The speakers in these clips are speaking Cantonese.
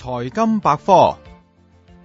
財金百科。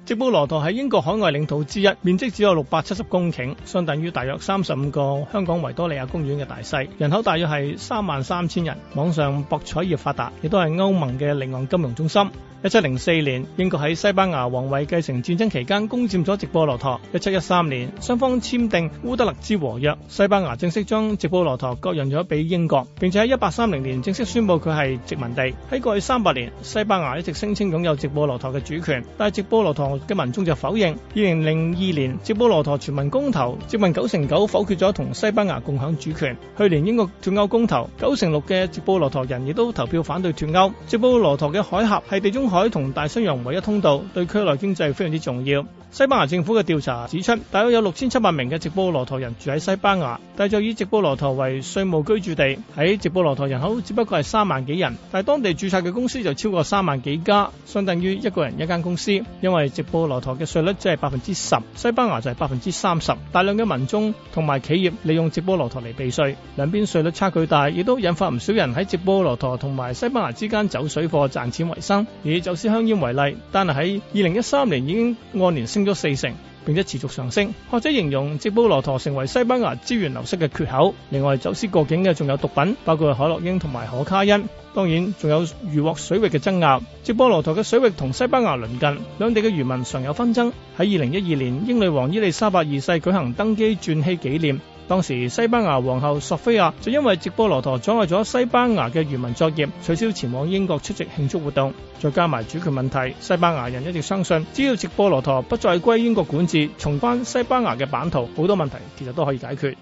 直布羅陀係英國海外領土之一，面積只有六百七十公頃，相等於大約三十五個香港維多利亞公園嘅大細，人口大約係三萬三千人。網上博彩業發達，亦都係歐盟嘅離岸金融中心。一七零四年，英國喺西班牙王位繼承戰爭期間攻佔咗直布羅陀。一七一三年，雙方簽訂烏德勒支和約，西班牙正式將直布羅陀割讓咗俾英國，並且喺一八三零年正式宣布佢係殖民地。喺過去三百年，西班牙一直聲稱擁有直布羅陀嘅主權，但係直布羅陀嘅民眾就否認。二零零二年，直布羅陀全民公投，直民九成九否決咗同西班牙共享主權。去年英國脱歐公投，九成六嘅直布羅陀人亦都投票反對脱歐。直布羅陀嘅海峽係地中海同大西洋唯一通道，對區內經濟非常之重要。西班牙政府嘅調查指出，大約有六千七百名嘅直布羅陀人住喺西班牙，但就以直布羅陀為稅務居住地。喺直布羅陀人口只不過係三萬幾人，但係當地註冊嘅公司就超過三萬幾家，相等於一個人一間公司。因為直波羅陀嘅稅率只係百分之十，西班牙就係百分之三十，大量嘅民眾同埋企業利用直波羅陀嚟避稅，兩邊稅率差距大，亦都引發唔少人喺直波羅陀同埋西班牙之間走水貨賺錢為生。以走私香煙為例，但係喺二零一三年已經按年升咗四成。並且持續上升。學者形容直布羅陀成為西班牙資源流失嘅缺口。另外，走私過境嘅仲有毒品，包括海洛因同埋可卡因。當然仲有漁獲水域嘅爭拗。直布羅陀嘅水域同西班牙鄰近，兩地嘅漁民常有紛爭。喺二零一二年，英女王伊麗莎白二世舉行登基鑽禧紀念。當時西班牙皇后索菲亞就因為直布羅陀阻礙咗西班牙嘅漁民作業，取消前往英國出席慶祝活動。再加埋主權問題，西班牙人一直相信，只要直布羅陀不再歸英國管治，重返西班牙嘅版圖，好多問題其實都可以解決。